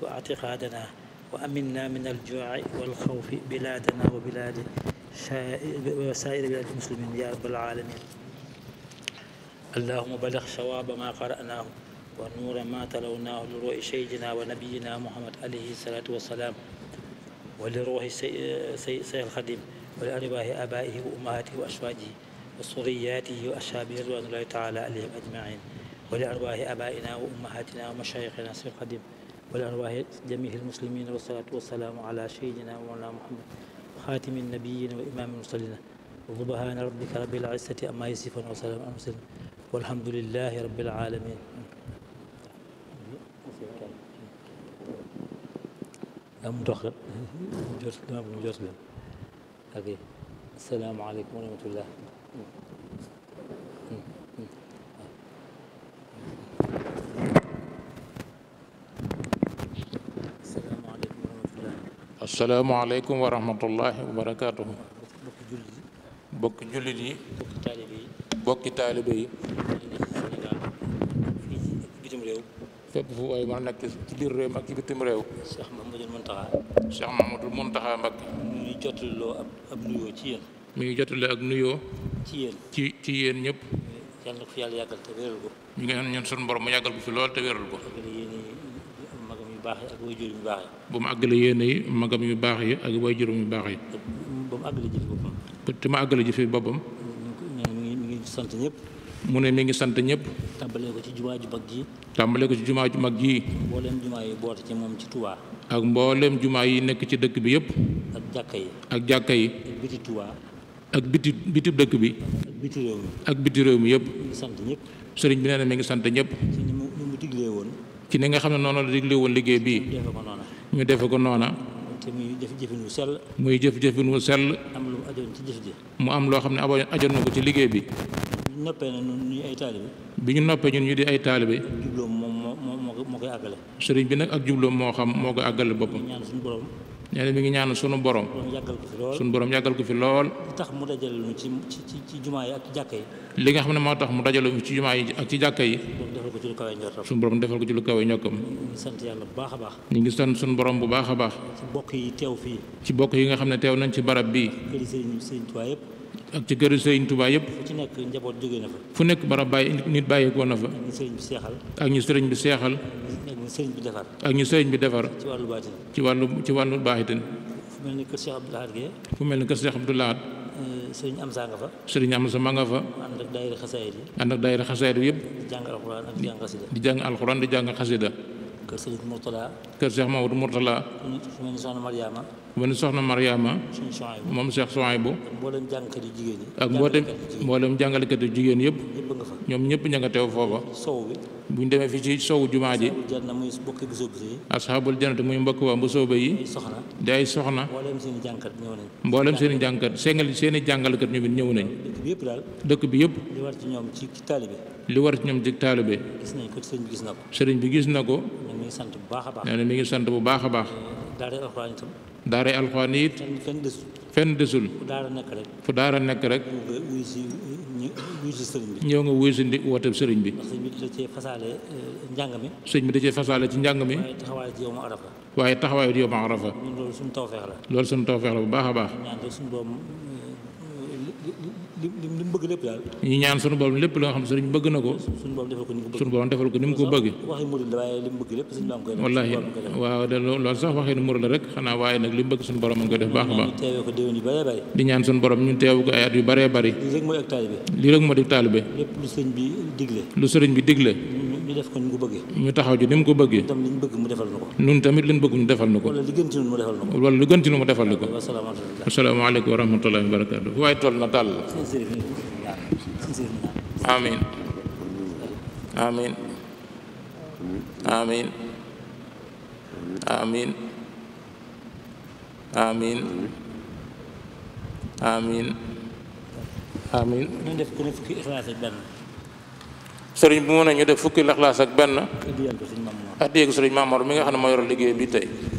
واعتقادنا وأمنا من الجوع والخوف بلادنا وبلاد وسائر بلاد المسلمين يا رب العالمين اللهم بلغ صواب ما قرأناه ونور ما تلوناه لروح سيدنا ونبينا محمد عليه الصلاة والسلام ولروح سيد الخديم ولأرواح آبائه وأمهاته وأزواجه وصرياته وأصحابه رضوان الله تعالى عليهم أجمعين ولأرواح آبائنا وأمهاتنا ومشايخنا سيد الخديم wala arwaahi jamiihil muslimiin wasalaatu wasalaamu ala sayyidina wa mawlaana muhammad xaatimi nabiyyiin wa imaamil mursaliin subhaana rabbika rabbil izzati ammaa yasifuun wa salaamun alal mursaliin walhamdulillaahi rabbil aalamiin am dox la mu jot dama bu mu jot la ok asalaamaaleykum wa rahmatullah asalaamaaleykum wa rahmatullahi wa barakaatuhu. bokki jullit yi. bokki taalibe yi. bokki taalibe yi. fépp fu waay mën nekk ci biir réew mi ak ci bitim réew. Cheikh Mouhamadoul Mountakha. Cheikh nuyoo ci yéen. mi ngi ak nuyoo. ci yéen ci ci yéen ñëpp. yàlla na ko fi yàlla yàggal te wéral ko. ñu ngi ñun sunu yàggal ko fi lool te wéral ko. baax yi ak mu àggale yéene yi magam yu baax yi ak way juróom yu baax yi ba mu àggale jëfi boppam te ma àggale jëfi boppam mi ngi sant ñëpp mu ne mi ngi sant ñëpp tàmbalee ko ci jumaa ju mag ji tàmbalee ko ci jumaa ju mag ji mbooleem jumaa yi boote ci moom ci tuwaa ak mbooleem jumaa yi nekk ci dëkk bi yëpp ak jàkka yi ak jàkka yi ak biti Touba ak biti biti dëkk bi ak biti réew mi yëpp sant ñëpp sëriñ bi nee mi ngi sant ñëpp ci ni nga xam ne noonu la digle woon liggéey bii. ñu defe ko noona te muy jëf jëfin wu sell. muy jëf jëfin wu am lu ajoon mu am loo xam ne ajoon na ko ci liggéey bi. bi ñu noppee ñun ñu ay taalibe. bi ñu noppee ñun ñu di ay taalibe. jubloom moom moo moo koy àggale. sëriñ bi nag ak jubloom moo xam moo koy àggale boppam. nee na mi ngi ñaanal sunu borom. sunu borom yàggal ko fi lool. li tax mu dajale ñu ci ci ci jumaa yi ak ci jàkka yi. li nga xam ne moo tax mu dajale ñu ci jumaa yi ak ci jàkk yi. sunu borom defal ko ci lu kawe ñokkam. ñu ngi sant yàlla bu baax a baax. ñu ngi sant sunu borom bu baax a baax. ci bokk yi teew fii. ci bokk yi nga xam ne teew nañ ci barab bii. kër yi ak ci këru Sëriñ Tuubaa yëpp. fu ci nekk njaboot jóge na fu nekk barab bàyyi nit bàyyeekoo na fa. ak ñu sëriñ bi seexal. ak ñu sëriñ bi seexal. ak ñu sëriñ defar. ak ñu sëriñ bi defar. ci wàllu baatin. ci wàllu ci wàllu baatin. fu mel ni kër Cheikh Abdou Lahad gee. fu mel ni kër Cheikh Abdou Lahad. Eh, sëriñ Amsa nga fa. sëriñ Amsa ma nga fa. ànd ak daayira xasaayid yi. ànd ak daayira yëpp. di jàng alxuraan ak di jàng xasida. di di jàng xasida. kër Sëriñ Mourtala. kër Cheikh Mamadou Mourtala. fu mel ni soxna Mariama ba nu soxna Mariama moom Cheikh Souhaïbou ak mboolem mboolem jàngalekatu jigéen yëpp ñoom ñëpp ña nga teew foofa bu ñu demee fii ci sowu jumaa ji asxaabul jannati muy mbokk waa mbusooba yi di ay soxna mboolem seen i jànkat seengal seen i jàngalkat ñu bi ñëw nañ dëkk bi yëpp li war ci ñoom ci taalibe li war ci ñoom ci taalibe sëriñ bi gis na ko nee na mi ngi sant bu baax a baax daara alxuraan daara alxuraan yi it fenn desul fu daara nekk rek ñëw nga wuy si ndi woote sëriñ bi eh, sëriñ bi da cee fasaale ci njàng mi waaye taxawaayu yow ma arafa loolu suñu tawfeex la bu baax a baax li li mu bëgg lépp daal. ñu ñaan sunu borom lépp loo xam ne sëriñ bëgg na ko. sunu borom defal ko ni mu ko bëgg sunu borom defal ko ni mu ko bëgg. waxi murid la waaye li waaw de loolu sax waxi murid la rek xanaa waaye nag li mu bëgg sunu borom nga def baax a baax. di ñaan sunu borom ñu teew ko ay at yu bëree bëri. lii rek mooy ak taalibe. lépp lu sëriñ bi digle. lu sëriñ bi digle. ñu def ko ñu ko bëggee. ñu taxaw ji ni mu ko bëggee. tam mu defal na tamit li ñu bëgg ñu defal na ko. wala li gën ci ñun mu defal na ko. wala li gën ci ñun mu defal na ko. asalaamaaleykum wa rahmatullahi waaye toll na tàll. amiin amiin amiin amiin sëriñ bi mu ne ñu def fukki laxlaas ak benn. addiyee ko sëriñ Mamour mi nga xam ne moo yor liggéey bi tey.